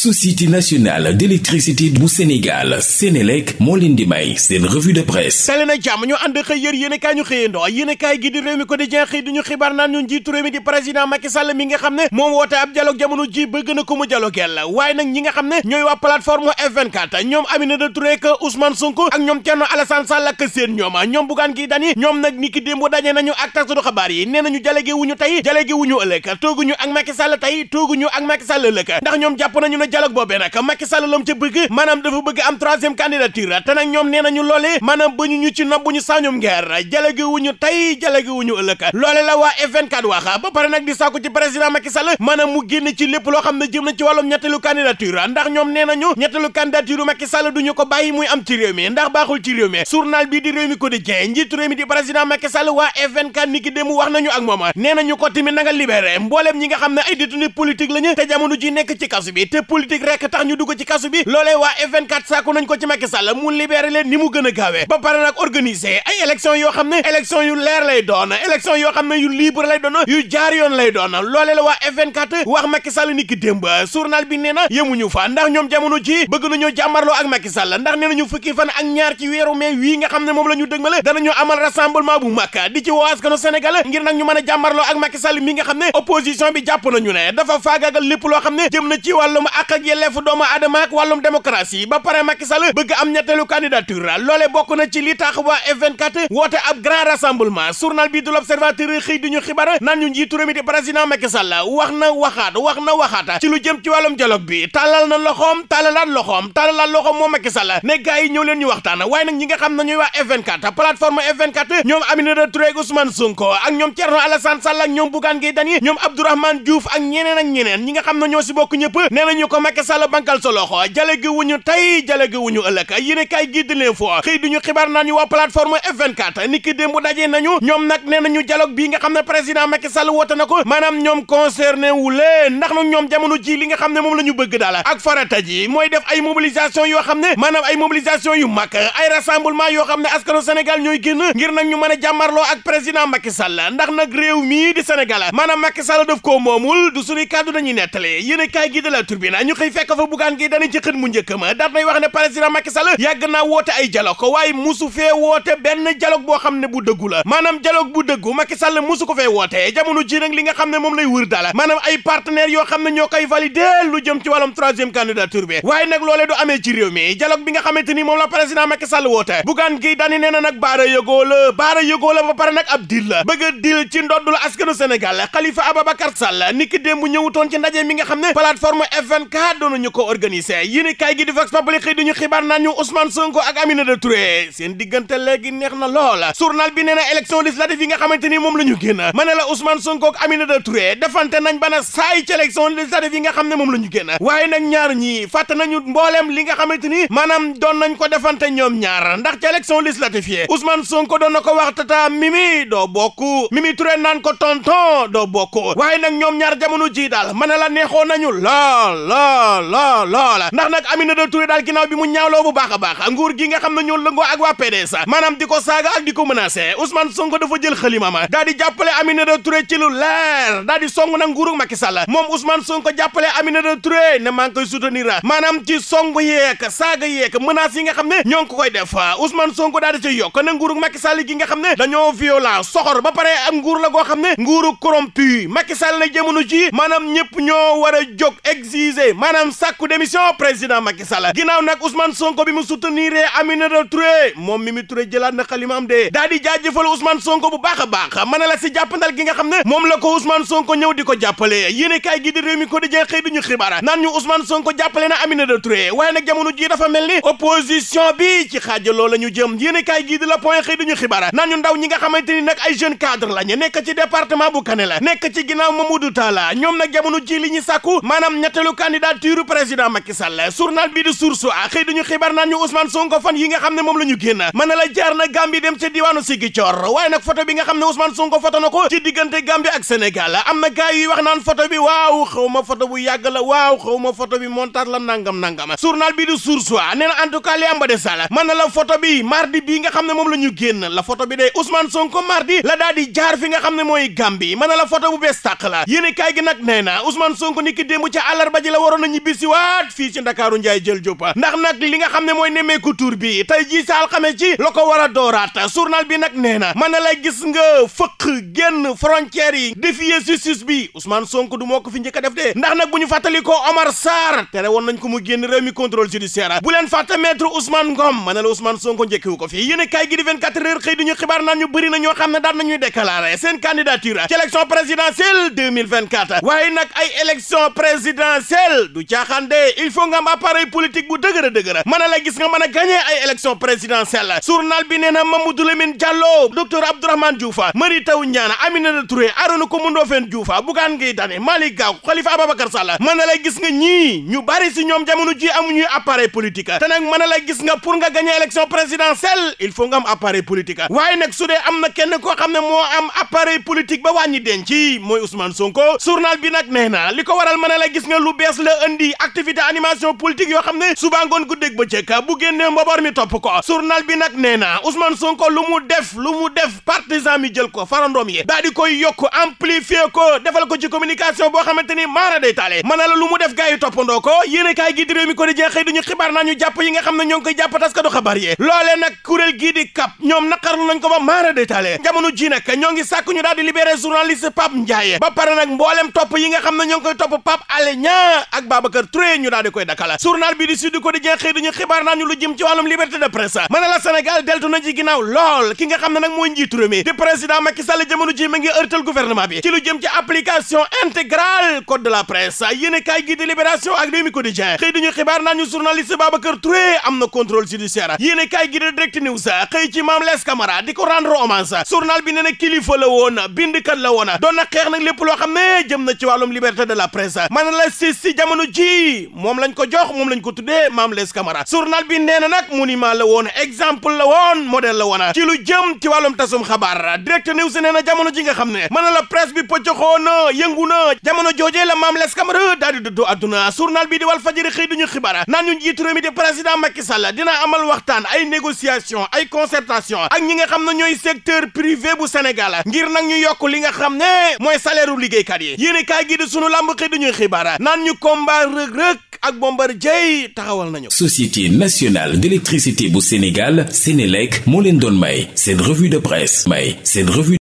société nationale d'électricité bu Sénégal Sénélec moo leen di may seen revue de presse tali na jàmm ñu ànd xëy yër yéen ñu xëyandoo yéen i gi di réew mi quotidien xëy di ñu xibaar naan ñu njiitu réew mi di président Macky mi nga xam ne moom woote ab dialogue jamono ji bëgg na ko mu dialogueel waaye nag ñi nga xam ne ñooy waa plateforme F24 ñoom Aminata Touré ak Ousmane Sonko ak ñoom Thierno Alassane Sall ak seen ñooma ñoom Bougane dialogue boobee nag Macky Sall lam ca bëgg maanaam dafa bëgg am troisième candidature te nag ñoom nee nañu loolee maanaam ba ñu ñu ci nob bu ñu sañum ngeer dialogue wu ñu tey dialogue wu ñu ëllëg loole la waa F24 wax ba pare nag di sàkku ci président Macky Sall maanaam mu génn ci lépp loo xam ne jëm na ci wàllum ñetteelu candidature ndax ñoom nee nañu ñetteelu candidature Macky du ñu ko bàyyi muy am ci réew mi ndax baaxul ci réew mi journal bi di réew mi quotidien njiitu réew mi di président ñi nga xam ne ay détenu politique lañu te jamono politique rek waa F24 sàkku ko ci Macky Sall mu libéré ni mu gën a ba pare nag organiser ay élection yoo xam ne élection yu leer lay doon élection yoo xam ne yu libre doon yu jaar lay doon loolee la waa F24 wax Macky Sall ni ki démb journal bi nee na yemuñu fa ndax ñoom jamono ji bëgg nañoo jàmbarloo ak Macky Sall ndax nee nañu fukki fan ak ñaar ci weeru mai wii nga xam ne moom la ñu dëgmale danañu amal rassemblement bu ak yelleefu doomu aadama ak wàllum démocratie ba pare Macky bëgg am ñetteelu candidature loole bokk na ci li tax waa F24 woote ab grand rassemblement journal bi du l'observateur xëy ñu xibaar naan ñu njiitu mi di président Macky Sall wax na waxaat wax na waxaata ci lu jëm ci wàllum dialogue bi tàllal na loxoom tàllalaat loxoom tàllalaat loxoom moom Macky Sall ne gars yi leen ñu waxtaan waaye nag ñi nga xam ne ñooy waa F24 plateforme F24 ko Macky Sall bankal sa loxo jale gi wuñu tey jale gi wuñu ëllëg yéen kaay gi di leen foo xëy duñu xibaar naan ñu waa plateforme F24 ni ki démb dajee nañu ñoom nag nee nañu dialogue bii nga xam ne président Macky Sall woote na ko maanaam ñoom concerné wu leen ndax nag ñoom jamono jii li nga xam ne moom la ñu bëgg daal ak farata ji mooy def ay mobilisation yoo xam ne maanaam ay mobilisation yu mag ay rassemblement yoo xam ne askanu Sénégal ñooy génn ngir nag ñu mën a jàmmarloo ak président Macky Sall ndax nag réew mii di Sénégal maanaam Macky Sall daf kàddu dañuy nettali yéen kaay gi de ñu xëy fekk fa bugaan mu njëkk ma daat nay wax ne président Macky Sall yàgg naa woote waaye musu fee woote benn dialogue boo xam ne bu dëggu la maanaam dialogue bu dëggu Macky Sall musu ko fee woote jamono ji nag li nga xam ne moom lay wur daala maanaam ay partenaires yoo xam ne ñoo koy valider lu jëm ci wàllum troisième candidature bi waaye nag loolee du amee ci réew mi bi nga xamante ni moom la président Macky Sall woote bugaan gi dani nee na nag baara yëgoo la baara yëgoo la ba pare nag ab dil la bëgg a dil ci ndoddul askanu Sénégal Khalifa Ababacar Sall niki démb ñëwutoon ci ndaje mi nga xam ne plateforme f n naka doonuñu ko organiser yéen kaay gi di Vox Populi xëy duñu xibaar na ñu Ousmane Sonko ak Aminata Touré seen diggante léegi neex na lool journal bi nee na élection législative yi nga xamante ni moom la ñu génn ma ne la Ousmane Sonko ak Aminata Touré defante nañ bana saay ci élection législative yi nga xam ne moom la ñu génn waaye nag ñaar ñii fàtte ñu mbooleem li nga xamante ni maanaam doon nañ ko defante ñoom ñaar ndax ci élection législative yi Ousmane Sonko doon na ko wax tata Mimi doo bokk Mimi Touré naan ko tonton doo bokk waaye nag ñoom ñaar jamono ji daal ma la neexoon nañu lool lool lool lool lool ndax nag Aminata Touré daal ginnaaw bi mu ñaawloo bu baax a baax nguur gi nga xam ne ñoo lëngoo ak waa PDS maanaam di ko saaga ak di ko menacé Ousmane Sonko dafa jël xalima ma daal di jàppale Aminata Touré ci lu leer daal di song nag nguuru Macky Sall moom Ousmane Sonko jàppale Aminata Touré ne maa ngi koy soutenir maanaam ci song yeeg saaga yeeg menaces yi nga xam ne ñoo ko koy def Ousmane Sonko daal di ci yokk na nguuru Macky Sall gi nga a Touré maanaam sàkku démission président Macky Sall ginnaaw nag Ousmane Sonko bi mu soutenir Aminata Touré moom Mimi Touré jëlaat na xalimaam de daa di jaajëfal Ousmane Sonko bu baax a baax mën na la si jàppandal gi nga xam ne moom la ko Ousmane Sonko ñëw di ko jàppale yéene kaay gi di réew mi ko di jeex xëy duñu xibaar naan ñu Ousmane Sonko jàppale na Aminata Touré waaye nag jamono ji dafa mel ni opposition bi ci xaajaloo la ñu jëm yéene kaay gi di la point xëy duñu ñu ndaw ñi ñu sàkku candidature président Macky Sall journal bi di source a xëy dañu xibaar naan ñu Ousmane Sonko fan yi nga xam ne moom la ñu génn mën na la jaar na Gambie dem ca diwaanu Ziguinchor waaye nag photo bi nga xam ne Ousmane Sonko photo na ko ci diggante Gambie ak Sénégal am na gars yuy wax naan photo bi waaw xaw ma photo bu yàgg la waaw xaw ma photo bi montage la nangam nangam journal bi di source a nee na en tout na la photo bi mardi bi nga xam ne waroon a ñibbisiwaat fii ci ndakaaru njaay jël joppa ndax nag li nga xam ne mooy nemmeeku tur bi tey jii sa alxames ci la a dooraat journal bi nag nee na mën gis nga fëq génn frontière yi défier bi Ousmane Sonko du moo ko fi njëkk a def de ndax nag bu ñu ko Omar Sarr tere woon nañ ko mu génn réew mi contrôle judiciaire bu leen Ngom mën na la Ousmane Sonko njëkkiwu ko fi yéen a kaay gi di 24 heures xëy xibaar naan ñu bëri na ñoo xam ne daan nañuy déclaré seen candidature ci élection présidentielle 2024 waaye nag ay élection Sall du caaxaan de il faut nga am bu dëgër a dëgër mën a gis nga mën a ay élection présidentielle journal bi nee na Mamadou Lamine Diallo docteur Abdourahmane Diouf Mary Teuw Niane Aminata Touré Arona Coumba Ndoffène Diouf Bougane Gueye Dany Malick Gakou Khalifa Ababacar Sall mën na la gis nga ñii ñu bari si ñoom jamono ji amuñuy appareil politique te nag mën na gis nga pour nga gagné élection présidentielle il faut nga am appareil waaye ne moo dina indi activité animation politique yoo xam ne suba ngoon guddeeg bëccëg bu génnee mboboor mi topp ko journal bi nag nee na Ousmane Sonko lu mu def lu mu def partisan mi jël ko farandoom yi daal di koy yokk amplifier ko defal ko ci communication boo xamante ni maara day taale mën na la lu mu def gars yi toppandoo ko yéen a kaay gi di réew mi ko di jeex xëy duñu xibaar yi nga xam ne ñoo ngi koy jàpp taskatu xabaar yi loolee nag kuréel gii di kap ñoom naqarlu nañ ko ba maara day taale jamono ji ñoo ngi sàkk ñu daal di libérer journaliste Pape Ndiaye ba pare nag mboolem topp yi nga xam ne ñoo ngi koy topp ak Babacar Touré ñu daal di koy dakala journal bi di Sud Quotidien xëy dañu xibaar naan ñu lu jëm ci wàllum liberté de presse mën la Sénégal deltu na ci lool ki nga xam ne nag mooy njiitu réew mi di président Macky Sall jamono ji ma ngi ërtal gouvernement bi ci jëm ci application intégrale code de la presse yéene kaay gi di Libération ak Rewmi Quotidien di Direct xëy di ko rendre hommage journal bi nee na kilifa la na xeex nag lépp ne jëm na de la jamono ji moom lañ ko jox moom lañ ko tuddee Mame Less Camara journal bi nee na nag monument la woon exemple la woon modèle la woon ci lu jëm ci wàllum tasum xabaar direct news nee na jamono ji nga xam ne mën na la presse bi pëccoxoo na yëngu na jamono joojee la Mame Less Camara daal di dëddoo adduna journal bi di Walf Fadjri xëy duñu xibaar naan ñu njiitu réew mi di président Macky Sall dina amal waxtaan ay négociation ay concertation ak ñi nga xam ne ñooy secteur privé bu Sénégal ngir nag ñu yokk li nga xam ne mooy salaire u yi yéene kaay gi di sunu lamb xëy combat rëg-rëg ak Bombardier taxawal nañu société nationale d'électricité bu Sénégal Sénélec moo leen doon may seen revue de presse may seen revue